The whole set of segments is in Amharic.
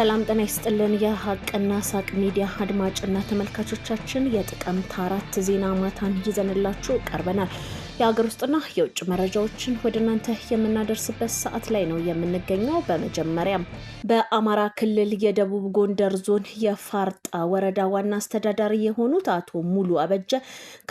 ሰላም ጤና ይስጥልን። የሀቅና ሳቅ ሚዲያ አድማጭና ተመልካቾቻችን የጥቅምት አራት ዜና ማታን ይዘንላችሁ ቀርበናል። የሀገር ውስጥና የውጭ መረጃዎችን ወደ እናንተ የምናደርስበት ሰዓት ላይ ነው የምንገኘው። በመጀመሪያም በአማራ ክልል የደቡብ ጎንደር ዞን የፋርጣ ወረዳ ዋና አስተዳዳሪ የሆኑት አቶ ሙሉ አበጀ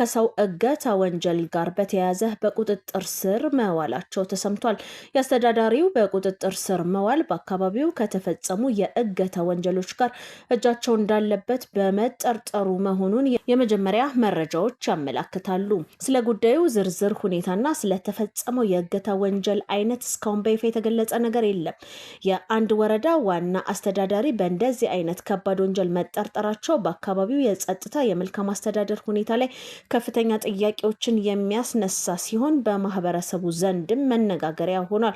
ከሰው እገታ ወንጀል ጋር በተያያዘ በቁጥጥር ስር መዋላቸው ተሰምቷል። የአስተዳዳሪው በቁጥጥር ስር መዋል በአካባቢው ከተፈጸሙ የእገታ ወንጀሎች ጋር እጃቸው እንዳለበት በመጠርጠሩ መሆኑን የመጀመሪያ መረጃዎች ያመላክታሉ። ስለ ጉዳዩ ዝርዝር ዝርዝር ሁኔታና ስለተፈጸመው የእገታ ወንጀል አይነት እስካሁን በይፋ የተገለጸ ነገር የለም። የአንድ ወረዳ ዋና አስተዳዳሪ በእንደዚህ አይነት ከባድ ወንጀል መጠርጠራቸው በአካባቢው የጸጥታ የመልካም አስተዳደር ሁኔታ ላይ ከፍተኛ ጥያቄዎችን የሚያስነሳ ሲሆን በማህበረሰቡ ዘንድም መነጋገሪያ ሆኗል።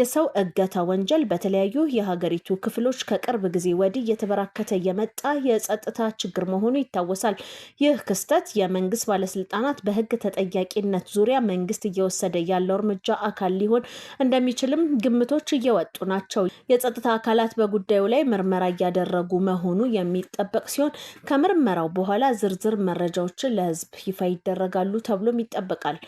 የሰው እገታ ወንጀል በተለያዩ የሀገሪቱ ክፍሎች ከቅርብ ጊዜ ወዲህ እየተበራከተ የመጣ የጸጥታ ችግር መሆኑ ይታወሳል። ይህ ክስተት የመንግስት ባለስልጣናት በህግ ተጠያቂነት ዙ ዙሪያ መንግስት እየወሰደ ያለው እርምጃ አካል ሊሆን እንደሚችልም ግምቶች እየወጡ ናቸው። የጸጥታ አካላት በጉዳዩ ላይ ምርመራ እያደረጉ መሆኑ የሚጠበቅ ሲሆን ከምርመራው በኋላ ዝርዝር መረጃዎችን ለህዝብ ይፋ ይደረጋሉ ተብሎም ይጠበቃል።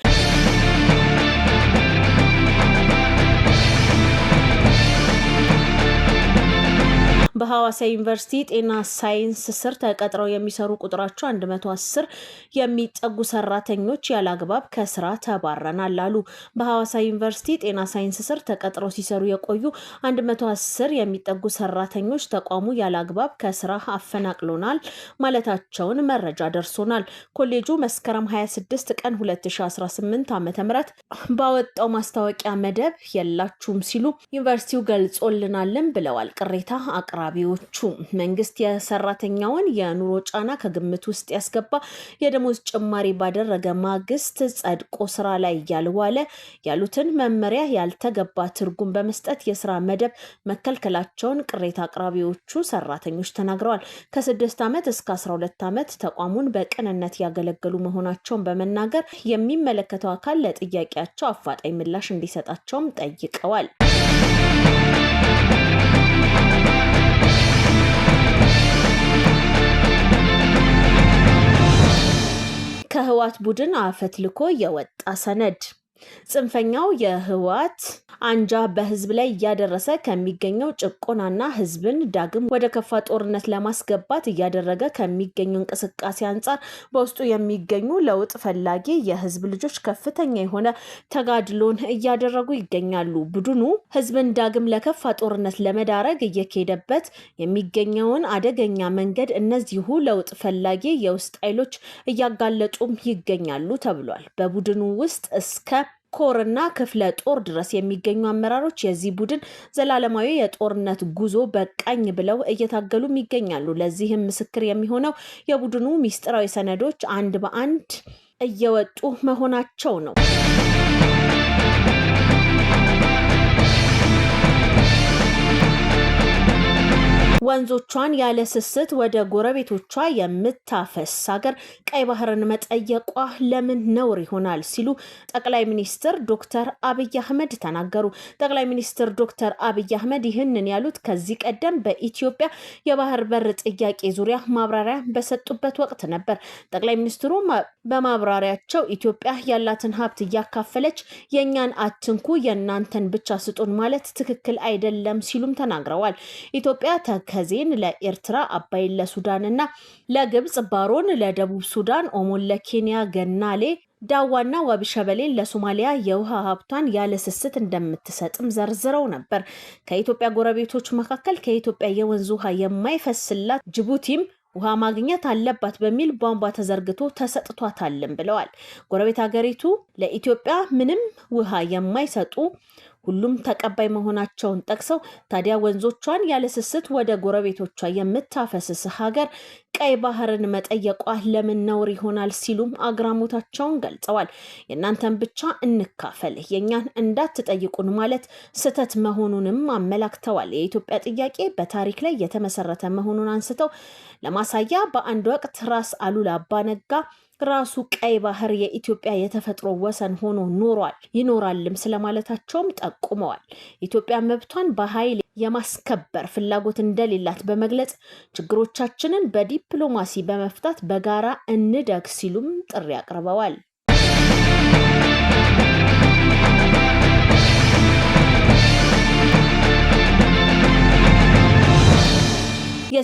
በሐዋሳ ዩኒቨርሲቲ ጤና ሳይንስ ስር ተቀጥረው የሚሰሩ ቁጥራቸው 110 የሚጠጉ ሰራተኞች ያለ አግባብ ከስራ ተባረናል አሉ። በሐዋሳ ዩኒቨርሲቲ ጤና ሳይንስ ስር ተቀጥረው ሲሰሩ የቆዩ 110 የሚጠጉ ሰራተኞች ተቋሙ ያለአግባብ ከስራ አፈናቅሎናል ማለታቸውን መረጃ ደርሶናል። ኮሌጁ መስከረም 26 ቀን 2018 ዓ ም ባወጣው ማስታወቂያ መደብ የላችሁም ሲሉ ዩኒቨርሲቲው ገልጾልናልን ብለዋል ቅሬታ አቅራ አቅራቢዎቹ መንግስት የሰራተኛውን የኑሮ ጫና ከግምት ውስጥ ያስገባ የደሞዝ ጭማሪ ባደረገ ማግስት ጸድቆ ስራ ላይ ያልዋለ ያሉትን መመሪያ ያልተገባ ትርጉም በመስጠት የስራ መደብ መከልከላቸውን ቅሬታ አቅራቢዎቹ ሰራተኞች ተናግረዋል። ከስድስት ዓመት እስከ አስራ ሁለት ዓመት ተቋሙን በቅንነት ያገለገሉ መሆናቸውን በመናገር የሚመለከተው አካል ለጥያቄያቸው አፋጣኝ ምላሽ እንዲሰጣቸውም ጠይቀዋል። የህወሓት ቡድን አፈትልኮ የወጣ ሰነድ ጽንፈኛው የህወሓት አንጃ በህዝብ ላይ እያደረሰ ከሚገኘው ጭቆናና ህዝብን ዳግም ወደ ከፋ ጦርነት ለማስገባት እያደረገ ከሚገኙ እንቅስቃሴ አንጻር በውስጡ የሚገኙ ለውጥ ፈላጊ የህዝብ ልጆች ከፍተኛ የሆነ ተጋድሎን እያደረጉ ይገኛሉ። ቡድኑ ህዝብን ዳግም ለከፋ ጦርነት ለመዳረግ እየሄደበት የሚገኘውን አደገኛ መንገድ እነዚሁ ለውጥ ፈላጊ የውስጥ ኃይሎች እያጋለጡም ይገኛሉ ተብሏል። በቡድኑ ውስጥ እስከ ኮር እና ክፍለ ጦር ድረስ የሚገኙ አመራሮች የዚህ ቡድን ዘላለማዊ የጦርነት ጉዞ በቃኝ ብለው እየታገሉም ይገኛሉ። ለዚህም ምስክር የሚሆነው የቡድኑ ሚስጥራዊ ሰነዶች አንድ በአንድ እየወጡ መሆናቸው ነው። ወንዞቿን ያለ ስስት ወደ ጎረቤቶቿ የምታፈስ ሀገር ቀይ ባህርን መጠየቋ ለምን ነውር ይሆናል ሲሉ ጠቅላይ ሚኒስትር ዶክተር አብይ አህመድ ተናገሩ። ጠቅላይ ሚኒስትር ዶክተር አብይ አህመድ ይህንን ያሉት ከዚህ ቀደም በኢትዮጵያ የባህር በር ጥያቄ ዙሪያ ማብራሪያ በሰጡበት ወቅት ነበር። ጠቅላይ ሚኒስትሩ በማብራሪያቸው ኢትዮጵያ ያላትን ሀብት እያካፈለች የእኛን አትንኩ፣ የእናንተን ብቻ ስጡን ማለት ትክክል አይደለም ሲሉም ተናግረዋል። ኢትዮጵያ ተከዜን ለኤርትራ፣ አባይን ለሱዳንና ለግብፅ፣ ባሮን ለደቡብ ሱዳን፣ ኦሞን ለኬንያ፣ ገናሌ ዳዋና ዋቢሸበሌን ለሶማሊያ የውሃ ሀብቷን ያለ ስስት እንደምትሰጥም ዘርዝረው ነበር። ከኢትዮጵያ ጎረቤቶች መካከል ከኢትዮጵያ የወንዝ ውሃ የማይፈስላት ጅቡቲም ውሃ ማግኘት አለባት በሚል ቧንቧ ተዘርግቶ ተሰጥቷታልም ብለዋል። ጎረቤት ሀገሪቱ ለኢትዮጵያ ምንም ውሃ የማይሰጡ ሁሉም ተቀባይ መሆናቸውን ጠቅሰው ታዲያ ወንዞቿን ያለ ስስት ወደ ጎረቤቶቿ የምታፈስስ ሀገር ቀይ ባህርን መጠየቋ ለምን ነውር ይሆናል ሲሉም አግራሞታቸውን ገልጸዋል። የእናንተን ብቻ እንካፈል፣ የእኛን እንዳትጠይቁን ማለት ስህተት መሆኑንም አመላክተዋል። የኢትዮጵያ ጥያቄ በታሪክ ላይ የተመሰረተ መሆኑን አንስተው ለማሳያ በአንድ ወቅት ራስ አሉላ አባነጋ ራሱ ቀይ ባህር የኢትዮጵያ የተፈጥሮ ወሰን ሆኖ ኖሯል ይኖራልም ስለማለታቸውም ጠቁመዋል። ኢትዮጵያ መብቷን በኃይል የማስከበር ፍላጎት እንደሌላት በመግለጽ ችግሮቻችንን በዲፕ ዲፕሎማሲ በመፍታት በጋራ እንደግ ሲሉም ጥሪ አቅርበዋል።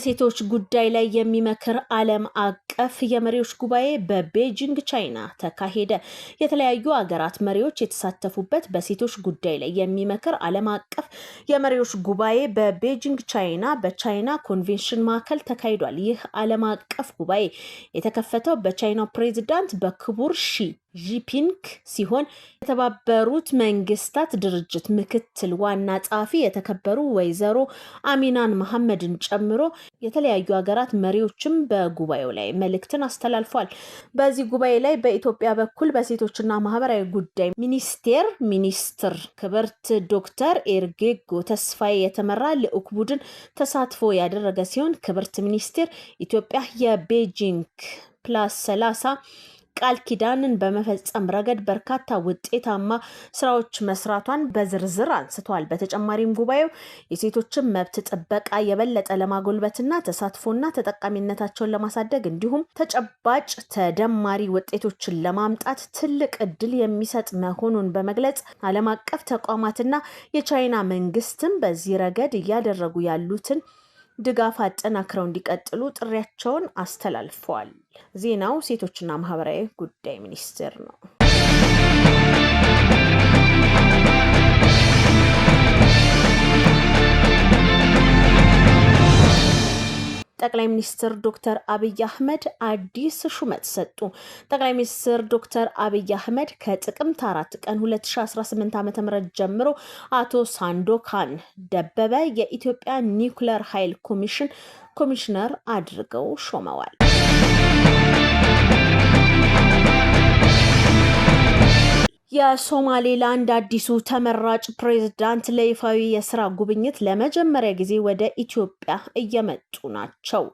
በሴቶች ጉዳይ ላይ የሚመክር ዓለም አቀፍ የመሪዎች ጉባኤ በቤጂንግ ቻይና ተካሄደ። የተለያዩ አገራት መሪዎች የተሳተፉበት በሴቶች ጉዳይ ላይ የሚመክር ዓለም አቀፍ የመሪዎች ጉባኤ በቤጂንግ ቻይና በቻይና ኮንቬንሽን ማዕከል ተካሂዷል። ይህ ዓለም አቀፍ ጉባኤ የተከፈተው በቻይናው ፕሬዚዳንት በክቡር ሺ ዢፒንግ ሲሆን የተባበሩት መንግስታት ድርጅት ምክትል ዋና ጸሐፊ የተከበሩ ወይዘሮ አሚናን መሐመድን ጨምሮ የተለያዩ ሀገራት መሪዎችም በጉባኤው ላይ መልእክትን አስተላልፏል። በዚህ ጉባኤ ላይ በኢትዮጵያ በኩል በሴቶችና ማህበራዊ ጉዳይ ሚኒስቴር ሚኒስትር ክብርት ዶክተር ኤርጌጎ ተስፋዬ የተመራ ልዑክ ቡድን ተሳትፎ ያደረገ ሲሆን ክብርት ሚኒስቴር ኢትዮጵያ የቤጂንግ ፕላስ ሰላሳ ቃል ኪዳንን በመፈጸም ረገድ በርካታ ውጤታማ ስራዎች መስራቷን በዝርዝር አንስቷል። በተጨማሪም ጉባኤው የሴቶችን መብት ጥበቃ የበለጠ ለማጎልበትና ተሳትፎና ተጠቃሚነታቸውን ለማሳደግ እንዲሁም ተጨባጭ ተደማሪ ውጤቶችን ለማምጣት ትልቅ እድል የሚሰጥ መሆኑን በመግለጽ ዓለም አቀፍ ተቋማትና የቻይና መንግስትም በዚህ ረገድ እያደረጉ ያሉትን ድጋፍ አጠናክረው እንዲቀጥሉ ጥሪያቸውን አስተላልፈዋል። ዜናው ሴቶችና ማህበራዊ ጉዳይ ሚኒስቴር ነው። ጠቅላይ ሚኒስትር ዶክተር አብይ አህመድ አዲስ ሹመት ሰጡ። ጠቅላይ ሚኒስትር ዶክተር አብይ አህመድ ከጥቅምት አራት ቀን 2018 ዓ ም ጀምሮ አቶ ሳንዶካን ደበበ የኢትዮጵያ ኒውክለር ኃይል ኮሚሽን ኮሚሽነር አድርገው ሾመዋል። የሶማሌላንድ አዲሱ ተመራጭ ፕሬዝዳንት ለይፋዊ የስራ ጉብኝት ለመጀመሪያ ጊዜ ወደ ኢትዮጵያ እየመጡ ናቸው።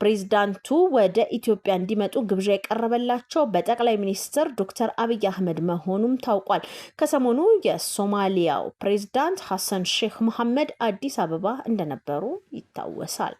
ፕሬዝዳንቱ ወደ ኢትዮጵያ እንዲመጡ ግብዣ የቀረበላቸው በጠቅላይ ሚኒስትር ዶክተር አብይ አህመድ መሆኑም ታውቋል። ከሰሞኑ የሶማሊያው ፕሬዝዳንት ሐሰን ሼክ መሐመድ አዲስ አበባ እንደነበሩ ይታወሳል።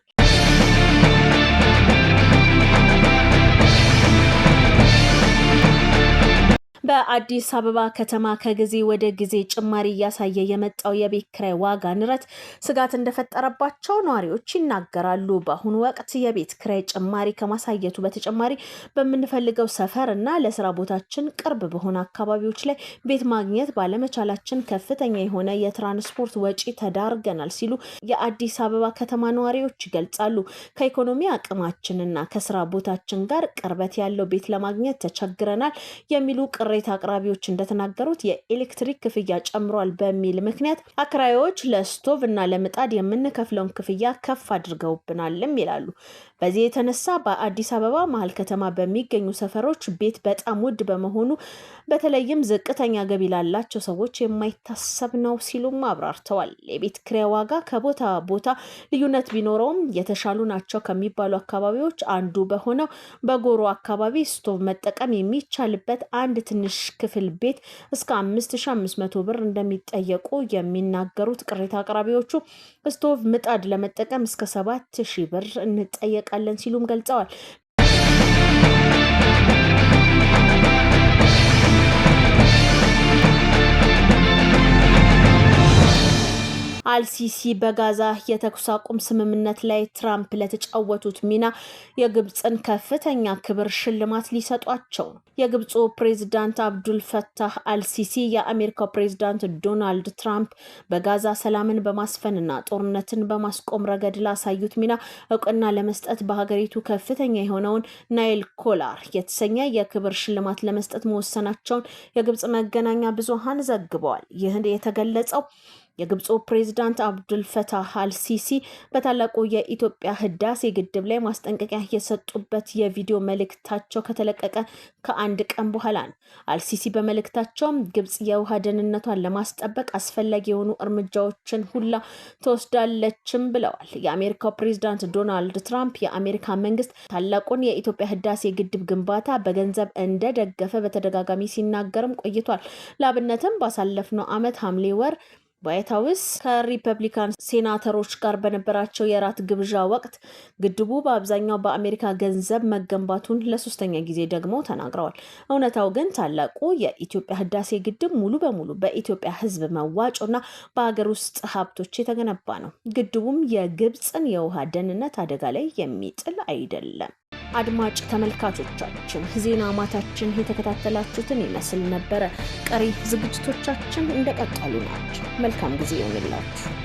በአዲስ አበባ ከተማ ከጊዜ ወደ ጊዜ ጭማሪ እያሳየ የመጣው የቤት ኪራይ ዋጋ ንረት ስጋት እንደፈጠረባቸው ነዋሪዎች ይናገራሉ። በአሁኑ ወቅት የቤት ክራይ ጭማሪ ከማሳየቱ በተጨማሪ በምንፈልገው ሰፈር እና ለስራ ቦታችን ቅርብ በሆነ አካባቢዎች ላይ ቤት ማግኘት ባለመቻላችን ከፍተኛ የሆነ የትራንስፖርት ወጪ ተዳርገናል ሲሉ የአዲስ አበባ ከተማ ነዋሪዎች ይገልጻሉ። ከኢኮኖሚ አቅማችንና ከስራ ቦታችን ጋር ቅርበት ያለው ቤት ለማግኘት ተቸግረናል የሚሉ ቅሬ ቅሬታ አቅራቢዎች እንደተናገሩት የኤሌክትሪክ ክፍያ ጨምሯል በሚል ምክንያት አከራዮች ለስቶቭ እና ለምጣድ የምንከፍለውን ክፍያ ከፍ አድርገውብናልም ይላሉ። በዚህ የተነሳ በአዲስ አበባ መሀል ከተማ በሚገኙ ሰፈሮች ቤት በጣም ውድ በመሆኑ በተለይም ዝቅተኛ ገቢ ላላቸው ሰዎች የማይታሰብ ነው ሲሉም አብራርተዋል። የቤት ክሪያ ዋጋ ከቦታ ቦታ ልዩነት ቢኖረውም የተሻሉ ናቸው ከሚባሉ አካባቢዎች አንዱ በሆነው በጎሮ አካባቢ ስቶቭ መጠቀም የሚቻልበት አንድ ትንሽ ትንሽ ክፍል ቤት እስከ መቶ ብር እንደሚጠየቁ የሚናገሩት ቅሬታ አቅራቢዎቹ ስቶቭ ምጣድ ለመጠቀም እስከ ሺ ብር እንጠየቃለን ሲሉም ገልጸዋል። አልሲሲ በጋዛ የተኩስ አቁም ስምምነት ላይ ትራምፕ ለተጫወቱት ሚና የግብፅን ከፍተኛ ክብር ሽልማት ሊሰጧቸው ነው። የግብፁ ፕሬዚዳንት አብዱል ፈታህ አልሲሲ የአሜሪካው ፕሬዚዳንት ዶናልድ ትራምፕ በጋዛ ሰላምን በማስፈንና ጦርነትን በማስቆም ረገድ ላሳዩት ሚና እውቅና ለመስጠት በሀገሪቱ ከፍተኛ የሆነውን ናይል ኮላር የተሰኘ የክብር ሽልማት ለመስጠት መወሰናቸውን የግብፅ መገናኛ ብዙሃን ዘግበዋል። ይህ የተገለጸው የግብፁ ፕሬዚዳንት አብዱልፈታህ አልሲሲ በታላቁ የኢትዮጵያ ህዳሴ ግድብ ላይ ማስጠንቀቂያ የሰጡበት የቪዲዮ መልእክታቸው ከተለቀቀ ከአንድ ቀን በኋላ ነው። አልሲሲ በመልእክታቸውም ግብፅ የውሃ ደህንነቷን ለማስጠበቅ አስፈላጊ የሆኑ እርምጃዎችን ሁላ ትወስዳለችም ብለዋል። የአሜሪካው ፕሬዚዳንት ዶናልድ ትራምፕ የአሜሪካ መንግስት ታላቁን የኢትዮጵያ ህዳሴ ግድብ ግንባታ በገንዘብ እንደደገፈ በተደጋጋሚ ሲናገርም ቆይቷል። ለአብነትም ባሳለፍነው ዓመት ሐምሌ ወር ዋይት ሀውስ ከሪፐብሊካን ሴናተሮች ጋር በነበራቸው የራት ግብዣ ወቅት ግድቡ በአብዛኛው በአሜሪካ ገንዘብ መገንባቱን ለሶስተኛ ጊዜ ደግሞ ተናግረዋል። እውነታው ግን ታላቁ የኢትዮጵያ ህዳሴ ግድብ ሙሉ በሙሉ በኢትዮጵያ ህዝብ መዋጮና በሀገር ውስጥ ሀብቶች የተገነባ ነው። ግድቡም የግብፅን የውሃ ደህንነት አደጋ ላይ የሚጥል አይደለም። አድማጭ ተመልካቾቻችን ዜና ማታችን የተከታተላችሁትን ይመስል ነበረ። ቀሪ ዝግጅቶቻችን እንደቀጠሉ ናቸው። መልካም ጊዜ ይሆንላችሁ።